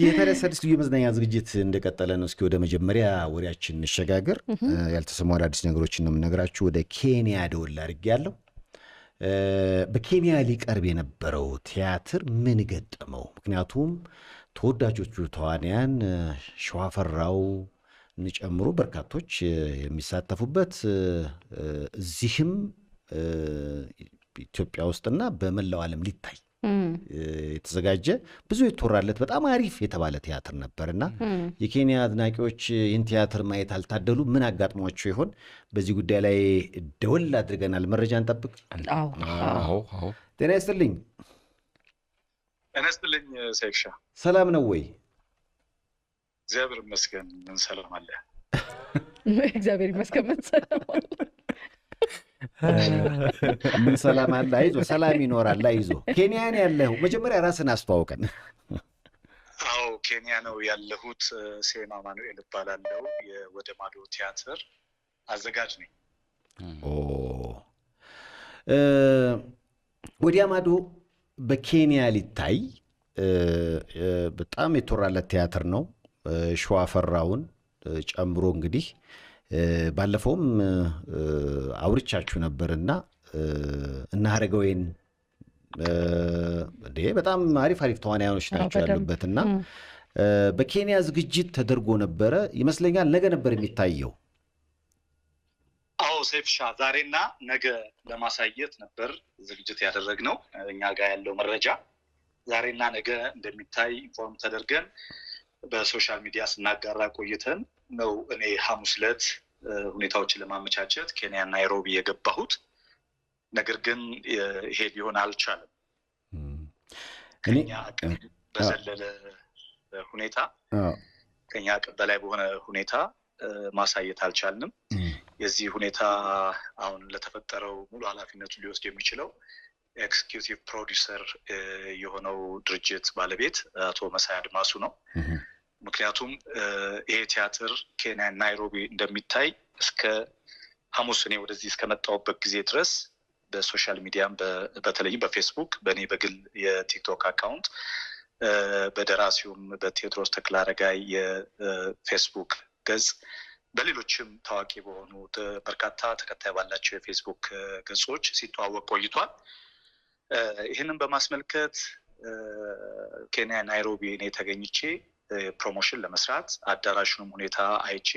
የተረሰድስ ልዩ መዝናኛ ዝግጅት እንደቀጠለ ነው። እስኪ ወደ መጀመሪያ ወሬያችን እንሸጋገር። ያልተሰሙ አዳዲስ ነገሮችን ነው የምነግራችሁ። ወደ ኬንያ ደወል ያለው በኬንያ ሊቀርብ የነበረው ቲያትር ምን ገጠመው? ምክንያቱም ተወዳጆቹ ተዋንያን ሸዋፈራው ጨምሮ በርካቶች የሚሳተፉበት እዚህም ኢትዮጵያ ውስጥና በመላው ዓለም ሊታይ የተዘጋጀ ብዙ የተወራለት በጣም አሪፍ የተባለ ቲያትር ነበር እና የኬንያ አድናቂዎች ይህን ቲያትር ማየት አልታደሉ ምን አጋጥሟቸው ይሆን? በዚህ ጉዳይ ላይ ደወል አድርገናል። መረጃ እንጠብቅ። ጤና ይስጥልኝ። ጤና ይስጥልኝ። ሴሻ ሰላም ነው ወይ? እግዚአብሔር ይመስገን። ምን ሰላም አለ። እግዚአብሔር ይመስገን። ምን ሰላም አለ ምን ሰላም አለ? አይዞ ሰላም ይኖራል። አይዞ ኬንያን ያለሁ መጀመሪያ ራስን አስተዋውቀን። አዎ ኬንያ ነው ያለሁት። ሴማ ማኑኤል እባላለሁ። የወደ ማዶ ቲያትር አዘጋጅ ነኝ። ወዲያ ማዶ በኬንያ ሊታይ በጣም የተወራለት ቲያትር ነው። ሸዋፈራውን ጨምሮ እንግዲህ ባለፈውም አውርቻችሁ ነበርና እና ሀረገወይን እንዴ በጣም አሪፍ አሪፍ ተዋናያኖች ናቸው ያሉበትና በኬንያ ዝግጅት ተደርጎ ነበረ ይመስለኛል። ነገ ነበር የሚታየው። አዎ ሴፍሻ ዛሬና ነገ ለማሳየት ነበር ዝግጅት ያደረግነው። እኛ ጋር ያለው መረጃ ዛሬና ነገ እንደሚታይ ኢንፎርም ተደርገን በሶሻል ሚዲያ ስናጋራ ቆይተን ነው እኔ ሐሙስ ዕለት ሁኔታዎችን ለማመቻቸት ኬንያ ናይሮቢ የገባሁት። ነገር ግን ይሄ ሊሆን አልቻለም። ከኛ አቅም በዘለለ ሁኔታ ከኛ አቅም በላይ በሆነ ሁኔታ ማሳየት አልቻልንም። የዚህ ሁኔታ አሁን ለተፈጠረው ሙሉ ኃላፊነቱ ሊወስድ የሚችለው ኤክስኪዩቲቭ ፕሮዲውሰር የሆነው ድርጅት ባለቤት አቶ መሳይ አድማሱ ነው። ምክንያቱም ይሄ ቲያትር ኬንያ ናይሮቢ እንደሚታይ እስከ ሐሙስ እኔ ወደዚህ እስከመጣሁበት ጊዜ ድረስ በሶሻል ሚዲያም በተለይም በፌስቡክ በእኔ በግል የቲክቶክ አካውንት በደራሲውም በቴዎድሮስ ተክለአረጋይ የፌስቡክ ገጽ በሌሎችም ታዋቂ በሆኑ በርካታ ተከታይ ባላቸው የፌስቡክ ገጾች ሲተዋወቅ ቆይቷል። ይህንን በማስመልከት ኬንያ ናይሮቢ እኔ ተገኝቼ ፕሮሞሽን ለመስራት አዳራሹንም ሁኔታ አይቼ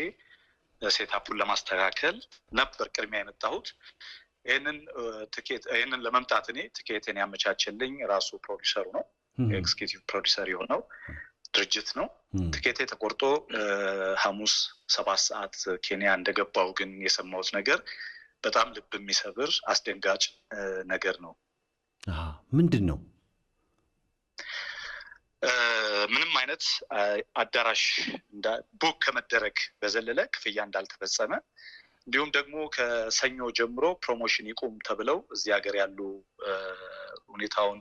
ሴታፑን ለማስተካከል ነበር ቅድሚያ የመጣሁት። ይህንን ትኬት ይህንን ለመምጣት እኔ ትኬትን ያመቻችልኝ ራሱ ፕሮዲሰሩ ነው። ኤግዚኪቲቭ ፕሮዲሰር የሆነው ድርጅት ነው። ትኬቴ ተቆርጦ ሐሙስ ሰባት ሰዓት ኬንያ እንደገባው ግን የሰማሁት ነገር በጣም ልብ የሚሰብር አስደንጋጭ ነገር ነው። ምንድን ነው? ምንም አይነት አዳራሽ ቡክ ከመደረግ በዘለለ ክፍያ እንዳልተፈጸመ እንዲሁም ደግሞ ከሰኞ ጀምሮ ፕሮሞሽን ይቁም ተብለው እዚህ ሀገር ያሉ ሁኔታውን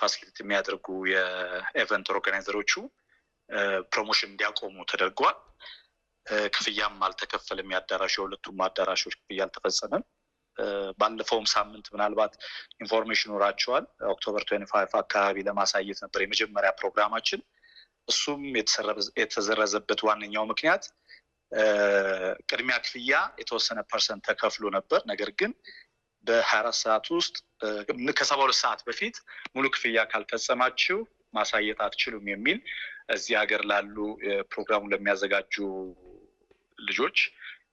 ፋሲሊቲ የሚያደርጉ የኤቨንት ኦርጋናይዘሮቹ ፕሮሞሽን እንዲያቆሙ ተደርጓል። ክፍያም አልተከፈልም። የአዳራሽ የሁለቱም አዳራሾች ክፍያ አልተፈጸመም። ባለፈውም ሳምንት ምናልባት ኢንፎርሜሽን ይኖራቸዋል። ኦክቶበር ትዌንቲ ፋይቭ አካባቢ ለማሳየት ነበር የመጀመሪያ ፕሮግራማችን። እሱም የተዘረዘበት ዋነኛው ምክንያት ቅድሚያ ክፍያ የተወሰነ ፐርሰንት ተከፍሎ ነበር። ነገር ግን በሀያ አራት ሰዓት ውስጥ ከሰባ ሁለት ሰዓት በፊት ሙሉ ክፍያ ካልፈጸማችው ማሳየት አትችሉም የሚል እዚህ ሀገር ላሉ ፕሮግራሙን ለሚያዘጋጁ ልጆች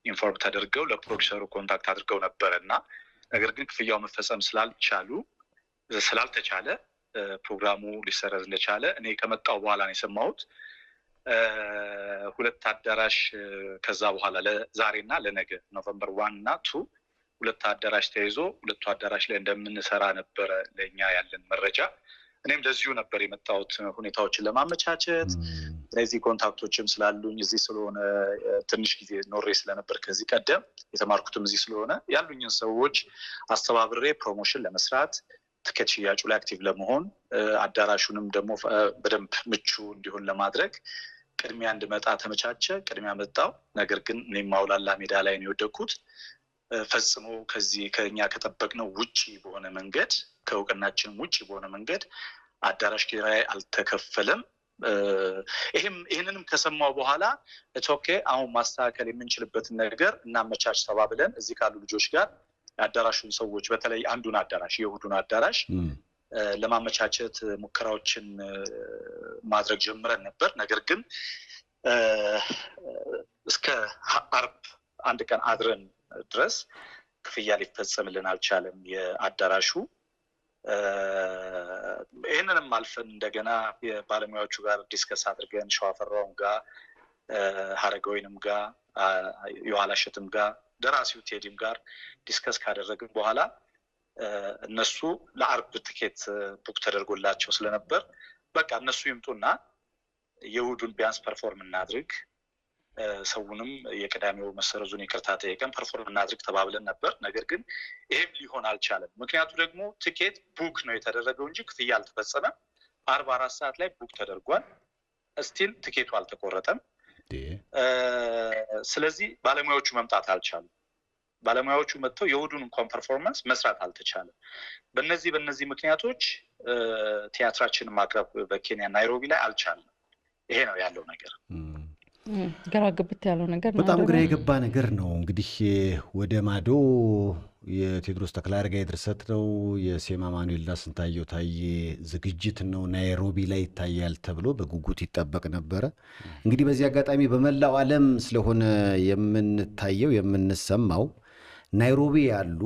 ኢንፎርም ተደርገው ለፕሮዲሰሩ ኮንታክት አድርገው ነበረ እና ነገር ግን ክፍያው መፈጸም ስላልቻሉ ስላልተቻለ ፕሮግራሙ ሊሰረዝ እንደቻለ እኔ ከመጣው በኋላ ነው የሰማሁት። ሁለት አዳራሽ ከዛ በኋላ ለዛሬና ለነገ ኖቨምበር ዋን እና ቱ ሁለት አዳራሽ ተይዞ ሁለቱ አዳራሽ ላይ እንደምንሰራ ነበረ ለእኛ ያለን መረጃ። እኔም ለዚሁ ነበር የመጣሁት ሁኔታዎችን ለማመቻቸት እነዚህ ኮንታክቶችም ስላሉኝ እዚህ ስለሆነ ትንሽ ጊዜ ኖሬ ስለነበር ከዚህ ቀደም የተማርኩትም እዚህ ስለሆነ ያሉኝን ሰዎች አስተባብሬ ፕሮሞሽን ለመስራት ትኬት ሽያጩ ላይ አክቲቭ ለመሆን አዳራሹንም ደግሞ በደንብ ምቹ እንዲሆን ለማድረግ ቅድሚያ እንድመጣ ተመቻቸ። ቅድሚያ መጣው። ነገር ግን እኔም ማውላላ ሜዳ ላይ ነው የወደኩት። ፈጽሞ ከዚህ ከኛ ከጠበቅነው ውጭ በሆነ መንገድ ከእውቅናችንም ውጭ በሆነ መንገድ አዳራሽ ኪራይ አልተከፈለም። ይህንንም ከሰማው በኋላ ቶኬ አሁን ማስተካከል የምንችልበትን ነገር እናመቻች ተባብለን እዚህ ካሉ ልጆች ጋር የአዳራሹን ሰዎች በተለይ አንዱን አዳራሽ የእሑዱን አዳራሽ ለማመቻቸት ሙከራዎችን ማድረግ ጀምረን ነበር። ነገር ግን እስከ አርብ አንድ ቀን አድረን ድረስ ክፍያ ሊፈጸምልን አልቻለም የአዳራሹ ይህንንም አልፈን እንደገና የባለሙያዎቹ ጋር ዲስከስ አድርገን ሸዋፈራውም ጋር ሀረገወይንም ጋር የኋላሸትም ጋር ደራሲው ቴዲም ጋር ዲስከስ ካደረግን በኋላ እነሱ ለአርብ ትኬት ቡክ ተደርጎላቸው ስለነበር በቃ እነሱ ይምጡና የውዱን ቢያንስ ፐርፎርም እናድርግ ሰውንም የቅዳሜው መሰረዙን ይቅርታ ጠየቀን፣ ፐርፎርም እናድርግ ተባብለን ነበር። ነገር ግን ይህም ሊሆን አልቻለም። ምክንያቱ ደግሞ ትኬት ቡክ ነው የተደረገው እንጂ ክፍያ አልተፈጸመም። አርባ አራት ሰዓት ላይ ቡክ ተደርጓል። እስቲል ትኬቱ አልተቆረጠም። ስለዚህ ባለሙያዎቹ መምጣት አልቻሉም። ባለሙያዎቹ መጥተው የእሑዱን እንኳን ፐርፎርማንስ መስራት አልተቻለም። በእነዚህ በእነዚህ ምክንያቶች ቲያትራችንን ማቅረብ በኬንያ ናይሮቢ ላይ አልቻለም። ይሄ ነው ያለው ነገር። ገራግብት ያለው ነገር በጣም ግራ የገባ ነገር ነው። እንግዲህ ወደ ማዶ የቴዎድሮስ ተክለሃሪጋ የድርሰት ነው። የሴማ ማኑኤልና ስንታየው ታዬ ዝግጅት ነው። ናይሮቢ ላይ ይታያል ተብሎ በጉጉት ይጠበቅ ነበረ። እንግዲህ በዚህ አጋጣሚ በመላው ዓለም ስለሆነ የምንታየው የምንሰማው ናይሮቢ ያሉ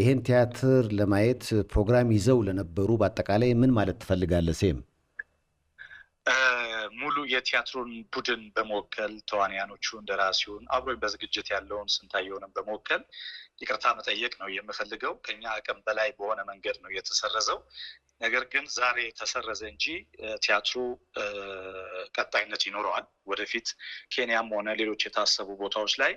ይህን ቲያትር ለማየት ፕሮግራም ይዘው ለነበሩ በአጠቃላይ ምን ማለት ትፈልጋለህ ሴም? ሙሉ የቲያትሩን ቡድን በመወከል ተዋንያኖቹ፣ እንደራሲውን አብሮ በዝግጅት ያለውን ስንታየውንም በመወከል ይቅርታ መጠየቅ ነው የምፈልገው። ከኛ አቅም በላይ በሆነ መንገድ ነው የተሰረዘው። ነገር ግን ዛሬ ተሰረዘ እንጂ ቲያትሩ ቀጣይነት ይኖረዋል። ወደፊት ኬንያም ሆነ ሌሎች የታሰቡ ቦታዎች ላይ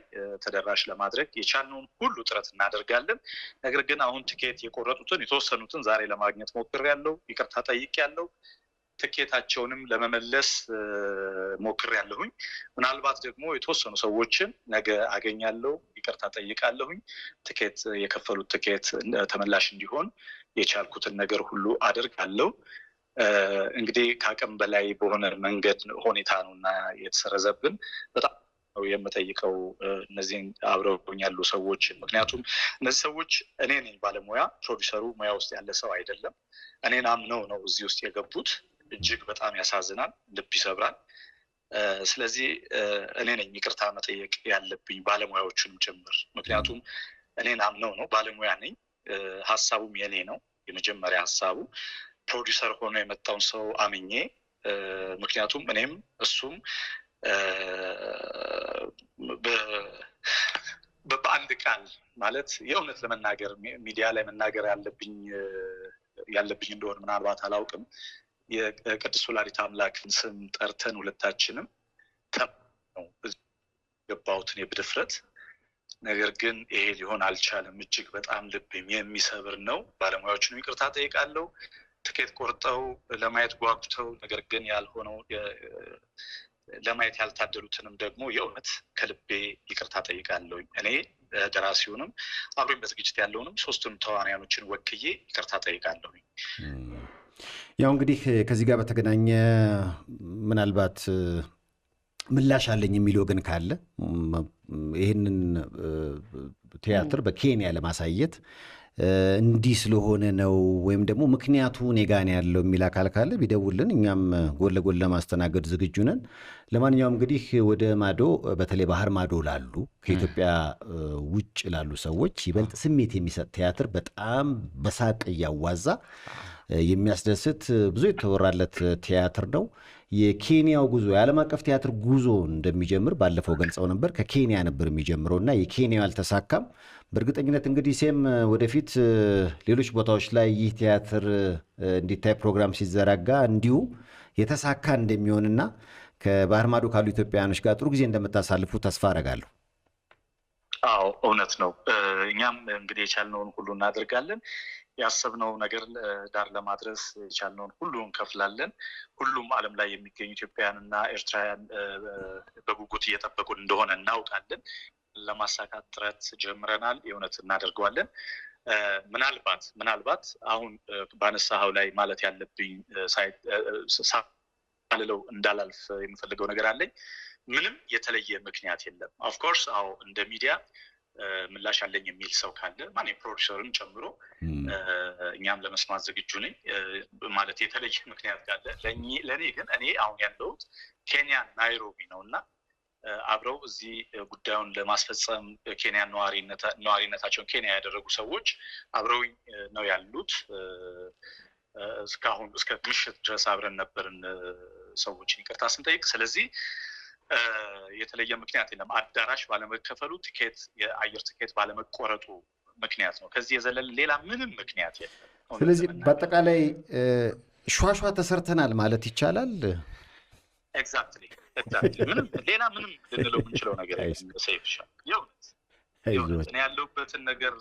ተደራሽ ለማድረግ የቻልነውን ሁሉ ጥረት እናደርጋለን። ነገር ግን አሁን ትኬት የቆረጡትን የተወሰኑትን ዛሬ ለማግኘት ሞክሬያለሁ፣ ይቅርታ ጠይቄያለሁ። ትኬታቸውንም ለመመለስ ሞክር ያለሁኝ ምናልባት ደግሞ የተወሰኑ ሰዎችን ነገ አገኛለሁ፣ ይቅርታ ጠይቃለሁኝ። ትኬት የከፈሉት ትኬት ተመላሽ እንዲሆን የቻልኩትን ነገር ሁሉ አደርጋለሁ። እንግዲህ ከአቅም በላይ በሆነ መንገድ ሁኔታ ነው እና የተሰረዘብን በጣም ነው የምጠይቀው እነዚህን አብረውኝ ያሉ ሰዎች። ምክንያቱም እነዚህ ሰዎች እኔ ነኝ ባለሙያ፣ ፕሮዲሰሩ ሙያ ውስጥ ያለ ሰው አይደለም። እኔን አምነው ነው እዚህ ውስጥ የገቡት። እጅግ በጣም ያሳዝናል፣ ልብ ይሰብራል። ስለዚህ እኔ ነኝ ይቅርታ መጠየቅ ያለብኝ ባለሙያዎቹንም ጭምር። ምክንያቱም እኔን አምነው ነው ባለሙያ ነኝ፣ ሀሳቡም የኔ ነው። የመጀመሪያ ሀሳቡ ፕሮዲሰር ሆኖ የመጣውን ሰው አምኜ ምክንያቱም እኔም እሱም በአንድ ቃል ማለት የእውነት ለመናገር ሚዲያ ላይ መናገር ያለብኝ ያለብኝ እንደሆነ ምናልባት አላውቅም የቅድስት ወላዲት አምላክን ስም ጠርተን ሁለታችንም ነው ገባሁት የብድፍረት ነገር ግን ይሄ ሊሆን አልቻለም። እጅግ በጣም ልብም የሚሰብር ነው። ባለሙያዎችንም ይቅርታ ጠይቃለሁ። ትኬት ቆርጠው ለማየት ጓጉተው ነገር ግን ያልሆነው ለማየት ያልታደሉትንም ደግሞ የእውነት ከልቤ ይቅርታ ጠይቃለሁ። እኔ ደራሲውንም አብሮኝ በዝግጅት ያለውንም ሶስቱንም ተዋንያኖችን ወክዬ ይቅርታ ጠይቃለሁ። ያው እንግዲህ ከዚህ ጋር በተገናኘ ምናልባት ምላሽ አለኝ የሚል ወገን ካለ ይህንን ቲያትር በኬንያ ለማሳየት እንዲህ ስለሆነ ነው ወይም ደግሞ ምክንያቱ እኔ ጋ ያለው የሚል አካል ካለ ቢደውልን እኛም ጎን ለጎን ለማስተናገድ ዝግጁ ነን። ለማንኛውም እንግዲህ ወደ ማዶ በተለይ ባህር ማዶ ላሉ ከኢትዮጵያ ውጭ ላሉ ሰዎች ይበልጥ ስሜት የሚሰጥ ቲያትር በጣም በሳቅ እያዋዛ የሚያስደስት ብዙ የተወራለት ቲያትር ነው። የኬንያው ጉዞ የዓለም አቀፍ ቲያትር ጉዞ እንደሚጀምር ባለፈው ገልጸው ነበር። ከኬንያ ነበር የሚጀምረው እና የኬንያው አልተሳካም። በእርግጠኝነት እንግዲህ ሴም ወደፊት ሌሎች ቦታዎች ላይ ይህ ቲያትር እንዲታይ ፕሮግራም ሲዘረጋ እንዲሁ የተሳካ እንደሚሆንና ከባህር ማዶ ካሉ ኢትዮጵያውያኖች ጋር ጥሩ ጊዜ እንደምታሳልፉ ተስፋ አረጋለሁ። አዎ እውነት ነው። እኛም እንግዲህ የቻልነውን ሁሉ እናደርጋለን። ያሰብነው ነገር ዳር ለማድረስ የቻልነውን ሁሉ እንከፍላለን። ሁሉም ዓለም ላይ የሚገኙ ኢትዮጵያውያን እና ኤርትራውያን በጉጉት እየጠበቁን እንደሆነ እናውቃለን። ለማሳካት ጥረት ጀምረናል። የእውነት እናደርገዋለን። ምናልባት ምናልባት አሁን ባነሳኸው ላይ ማለት ያለብኝ ሳልለው እንዳላልፍ የምፈልገው ነገር አለኝ። ምንም የተለየ ምክንያት የለም። ኦፍኮርስ አዎ እንደ ሚዲያ ምላሽ አለኝ የሚል ሰው ካለ ማ ፕሮዲሰርን ጨምሮ እኛም ለመስማት ዝግጁ ነኝ። ማለት የተለየ ምክንያት ካለ ለእኔ ግን እኔ አሁን ያለሁት ኬንያ ናይሮቢ ነው እና አብረው እዚህ ጉዳዩን ለማስፈጸም ኬንያ ነዋሪነታቸውን ኬንያ ያደረጉ ሰዎች አብረው ነው ያሉት። እስካሁን እስከ ምሽት ድረስ አብረን ነበርን ሰዎችን ይቅርታ ስንጠይቅ። ስለዚህ የተለየ ምክንያት የለም። አዳራሽ ባለመከፈሉ፣ ትኬት የአየር ትኬት ባለመቆረጡ ምክንያት ነው። ከዚህ የዘለለ ሌላ ምንም ምክንያት የለም። ስለዚህ በአጠቃላይ ሿሿ ተሰርተናል ማለት ይቻላል። ኤግዛክትሊ ሌላ ምንም ልንለው የምንችለው ነገር ሰይፍ የእውነት እኔ ያለሁበትን ነገር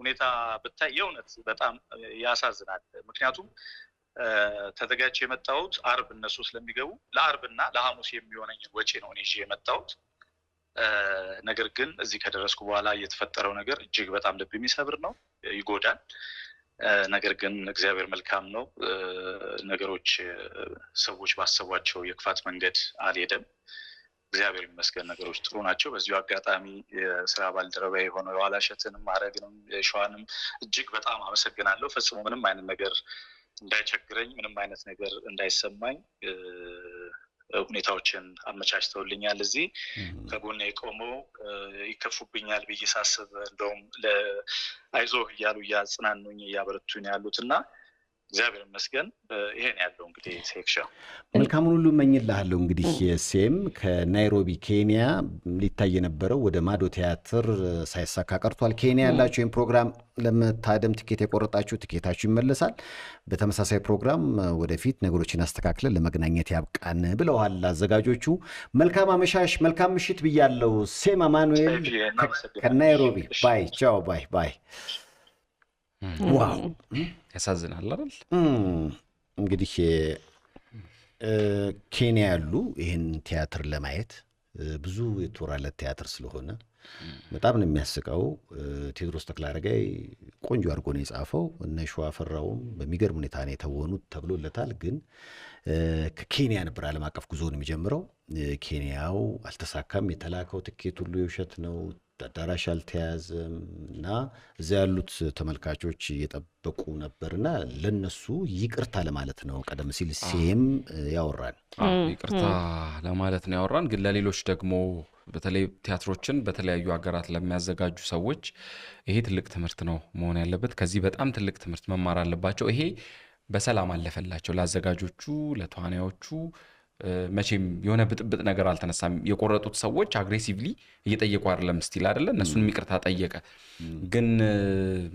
ሁኔታ ብታይ የእውነት በጣም ያሳዝናል። ምክንያቱም ተዘጋጅ የመጣሁት አርብ እነሱ ስለሚገቡ ለአርብና ለሐሙስ የሚሆነኝን ወጪ ነው እኔ የመጣሁት። ነገር ግን እዚህ ከደረስኩ በኋላ የተፈጠረው ነገር እጅግ በጣም ልብ የሚሰብር ነው፣ ይጎዳል። ነገር ግን እግዚአብሔር መልካም ነው። ነገሮች ሰዎች ባሰቧቸው የክፋት መንገድ አልሄደም። እግዚአብሔር ይመስገን ነገሮች ጥሩ ናቸው። በዚሁ አጋጣሚ የስራ ባልደረባ የሆነው የኋላሸትንም አረግንም ሸዋንም እጅግ በጣም አመሰግናለሁ። ፈጽሞ ምንም አይነት ነገር እንዳይቸግረኝ ምንም አይነት ነገር እንዳይሰማኝ ሁኔታዎችን አመቻችተውልኛል። እዚህ ከጎን የቆመው ይከፉብኛል ብዬ ሳስብ እንደውም አይዞህ እያሉ እያጽናኑኝ እያበረቱኝ ያሉት እና እግዚአብሔር ይመስገን ይሄን ያለው እንግዲህ ሴክሽን መልካሙን ሁሉ እመኝልሃለሁ። እንግዲህ ሴም ከናይሮቢ ኬንያ ሊታይ የነበረው ወደ ማዶ ቲያትር ሳይሳካ ቀርቷል። ኬንያ ያላቸው ወይም ፕሮግራም ለመታደም ትኬት የቆረጣችሁ ትኬታችሁ ይመለሳል። በተመሳሳይ ፕሮግራም ወደፊት ነገሮችን አስተካክለን ለመገናኘት ያብቃን ብለዋል አዘጋጆቹ። መልካም አመሻሽ፣ መልካም ምሽት ብያለው። ሴም አማኑኤል ከናይሮቢ ባይ። ቻው ባይ ባይ ዋው ያሳዝናል አይደል? እንግዲህ ኬንያ ያሉ ይህን ቲያትር ለማየት ብዙ የተወራለት ቲያትር ስለሆነ በጣም ነው የሚያስቀው። ቴዎድሮስ አረጋይ ቆንጆ አድርጎ ነው የጻፈው። እነ ሸዋፈራውም በሚገርም ሁኔታ ነው የተወኑት ተብሎለታል። ግን ከኬንያ ነበር ዓለም አቀፍ ነው የሚጀምረው። ኬንያው አልተሳካም። የተላከው ትኬት ሁሉ የውሸት ነው። አዳራሽ አልተያዘም እና እዚያ ያሉት ተመልካቾች እየጠበቁ ነበርና ለነሱ ይቅርታ ለማለት ነው። ቀደም ሲል ሲም ያወራን ይቅርታ ለማለት ነው ያወራን። ግን ለሌሎች ደግሞ በተለይ ቲያትሮችን በተለያዩ ሀገራት ለሚያዘጋጁ ሰዎች ይሄ ትልቅ ትምህርት ነው መሆን ያለበት። ከዚህ በጣም ትልቅ ትምህርት መማር አለባቸው። ይሄ በሰላም አለፈላቸው ለአዘጋጆቹ፣ ለተዋናዮቹ መቼም የሆነ ብጥብጥ ነገር አልተነሳም። የቆረጡት ሰዎች አግሬሲቭሊ እየጠየቁ አይደለም፣ ስቲል አይደለ እነሱንም ይቅርታ ጠየቀ። ግን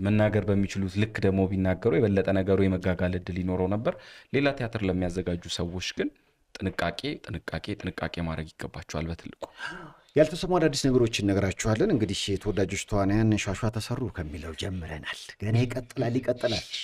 መናገር በሚችሉት ልክ ደግሞ ቢናገሩ የበለጠ ነገሩ የመጋጋል እድል ይኖረው ነበር። ሌላ ቲያትር ለሚያዘጋጁ ሰዎች ግን ጥንቃቄ ጥንቃቄ ጥንቃቄ ማድረግ ይገባቸዋል። በትልቁ ያልተሰሙ አዳዲስ ነገሮች ነገራችኋለን። እንግዲህ ተወዳጆች ተዋናያን ሿሿ ተሰሩ ከሚለው ጀምረናል። ገና ይቀጥላል ይቀጥላል።